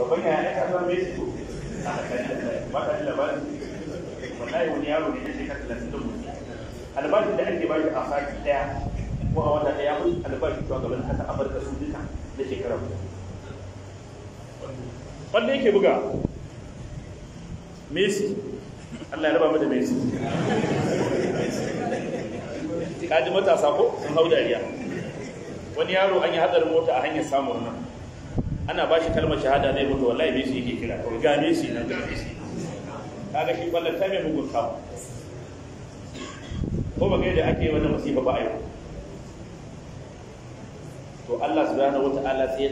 babban yaya ya kasuwa mai su ba ka ji labarin yi wani yaro ne ya shekara talatin da mutu albashin da ake bashi a sati daya ko a wata daya mun albashin cewa gaban kasa a amurka su duka na shekara wanda yake buga messi allah ya raba mu da messi Ka kaji matasa ko sun hau dariya wani yaro an yi hadarin mota a hanyar samun nan ana ba shi kalmar shahada zai mutu wallahi Messi yake kira ko ga Messi na ga Messi kaga shi kwallon ta mai mugun kawo ko ba ga yadda ake wannan masifa ba a yi. to Allah subhanahu wata'ala sai